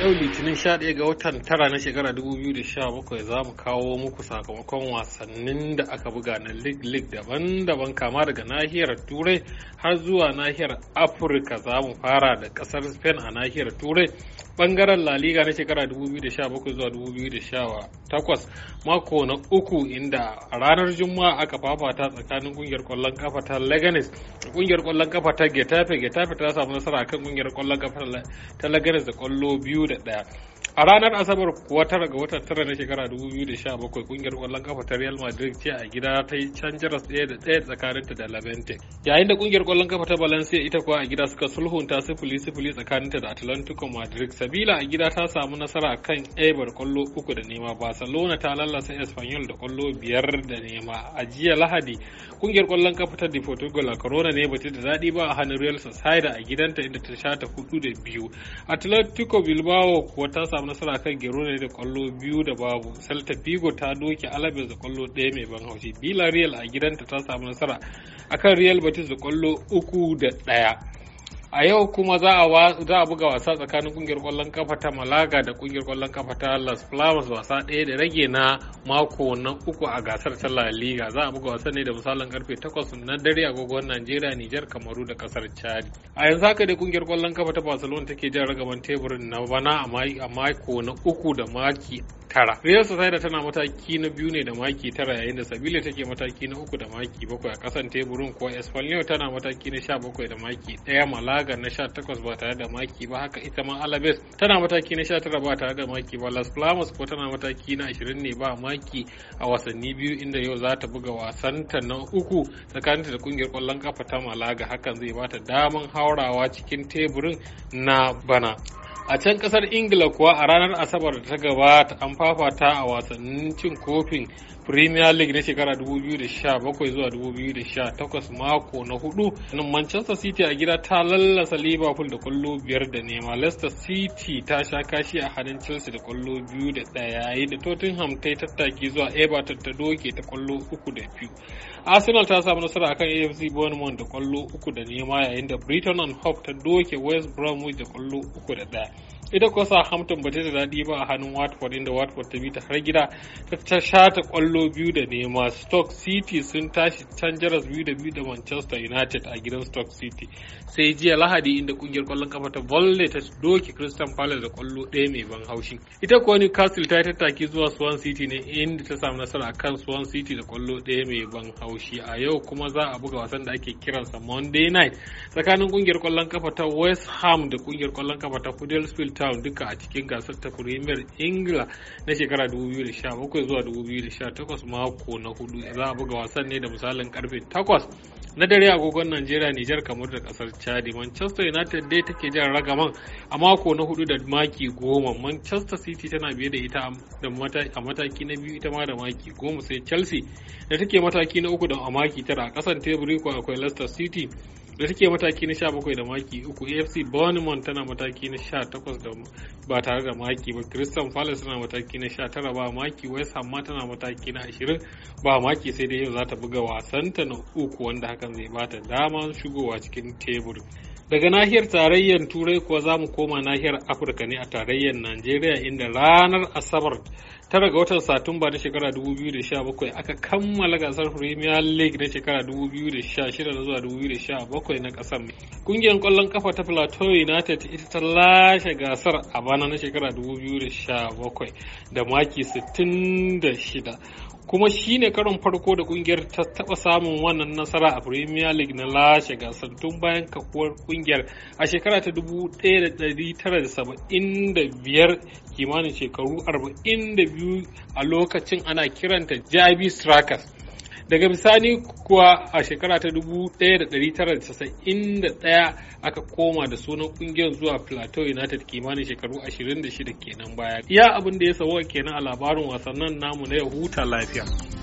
yau litinin 11 ga watan tara na shekara 2017 za mu kawo muku sakamakon wasannin da aka buga na lig-lig daban-daban kama daga nahiyar turai har zuwa nahiyar afirka za mu fara da kasar spain a nahiyar turai bangaren laliga liga na shekara 2017 zuwa 2018 mako na uku inda ranar juma'a aka fafata tsakanin ƙungiyar kwallon kafa ta leganes da kungiyar kwallon kafa ta getafe getafe ta samu nasara kan kungiyar kwallon kafa ta leganes da kwallo biyu da ɗaya a ranar asabar kuwa tara ga watan tara na shekara 2017 kungiyar kwallon kafa ta real madrid ce a gida ta yi can jaras ɗaya da ɗaya tsakaninta da levante yayin da kungiyar kwallon kafa ta valencia ita kuwa a gida suka sulhunta sifili sifili ta da atlantico madrid sabila a gida ta samu nasara a kan ebar kwallo uku da nema barcelona ta lallasa espanyol da kwallo biyar da nema a jiya lahadi kungiyar kwallon kafa ta de portugal a corona ne bata da daɗi ba a hannun real sociedad a gidanta inda ta sha ta hudu da biyu atlantico bilbao kuwa ta samu samu nasara kan ne da kwallo biyu da babu. Celta Vigo ta doke Alaves da kwallo ɗaya mai ban haushi. Villarreal a gidanta ta samu nasara akan Real Betis da kwallo uku da ɗaya. a yau kuma za a buga wasa tsakanin kungiyar kwallon kafa ta malaga da kungiyar kwallon kafa ta las palmas wasa ɗaya da rage na mako na uku a gasar ta la liga za a buga wasa ne da misalin karfe 8 na dare agogon najeriya Niger, kamaru da kasar chad a yanzu haka dai kungiyar kwallon kafa ta barcelona take jan ragaban teburin na bana a mako na uku da maki tara real society tana mataki na biyu ne da maki tara yayin da sabila take mataki na uku da maki bakwai a kasan teburin kuwa espanyol tana mataki na sha bakwai da maki ɗaya malaga tawagar na 18 ba tare da maki ba haka ita ma alabes tana mataki na 19 ba tare da maki ba las palmas ko tana mataki na 20 ne ba maki a wasanni biyu inda yau za ta buga wasanta na uku tsakaninta da kungiyar kwallon kafa ta malaga hakan zai bata daman haurawa cikin teburin na bana A can kasar Ingila kuwa a ranar Asabar da ta gabata an fafata a wasannin cin kofin Premier League na shekara 2017 zuwa 2018 mako na hudu. Nan Manchester City a gida ta lallasa Liverpool da kwallo biyar da nema. Leicester City ta sha kashi a hannun Chelsea da kwallo biyu da ɗaya yayin da Tottenham ta yi tattaki zuwa Everton ta doke ta kwallo uku da biyu. Arsenal ta samu nasara akan AFC Bournemouth da kwallo uku da nema yayin da britain and hope ta doke West Bromwich da kwallo uku da ɗaya. ita kuwa Southampton ba ta da daɗi ba a hannun Watford inda Watford ta bi ta har gida ta shata kwallo biyu da nema Stoke City sun tashi can jaras biyu da biyu da Manchester United a gidan Stoke City sai jiya Lahadi inda kungiyar kwallon kafa ta Volley ta doki Crystal Palace da kwallo ɗaya mai ban haushi ita kuwa Newcastle ta yi tattaki zuwa Swan City ne inda ta samu nasara a kan Swan City da kwallo ɗaya mai ban haushi a yau kuma za a buga wasan da ake kiransa Monday night tsakanin kungiyar kwallon kafa ta West Ham da kungiyar kwallon kafa ta Huddersfield town duka a cikin gasar ta premier ingila na shekara 2017 zuwa 2018 mako na hudu za a buga wasan ne da misalin karfe 8 na dare agogon najeriya nijar kamar da kasar Chad manchester united dai take jan ragaman a mako na hudu da maki goma manchester city tana biye da ita a mataki na biyu ita ma da maki goma sai chelsea da take mataki na uku da a maki tara a kasan teburi ko akwai leicester city da take mataki na 17 da maki uku afc bournemouth tana mataki na 18 da ba tare da maki ba crystal palace tana mataki na 19 ba maki west ham ma tana mataki na 20 ba maki sai dai yau za ta buga wasanta na uku wanda hakan zai bata dama shigowa cikin tebur Daga nahiyar tarayyar Turai kuwa za mu koma nahiyar Afirka ne a tarayyar Najeriya inda ranar Asabar tara ga watan Satumba na shekara 2017 aka kammala gasar Premier League na shekara 2016 na zuwa 2017 na kasar. Kungiyar kwallon kafa ta Plateau United ita ta lashe gasar a bana na shekara 2017 da maki 66. kuma shi ne karon farko da kungiyar ta taba samun wannan nasara a premier league na lashe gasar tun bayan kafuwar kungiyar a shekara ta 1975 kimanin shekaru 42 a lokacin ana kiranta jabi strikers daga bisani kuwa a shekara ta 1991 aka koma da sunan kungiyar zuwa plateau united kimanin shekaru 26 kenan baya iya abin da ya sawo kenan a labarin wasannin namu na ya huta lafiya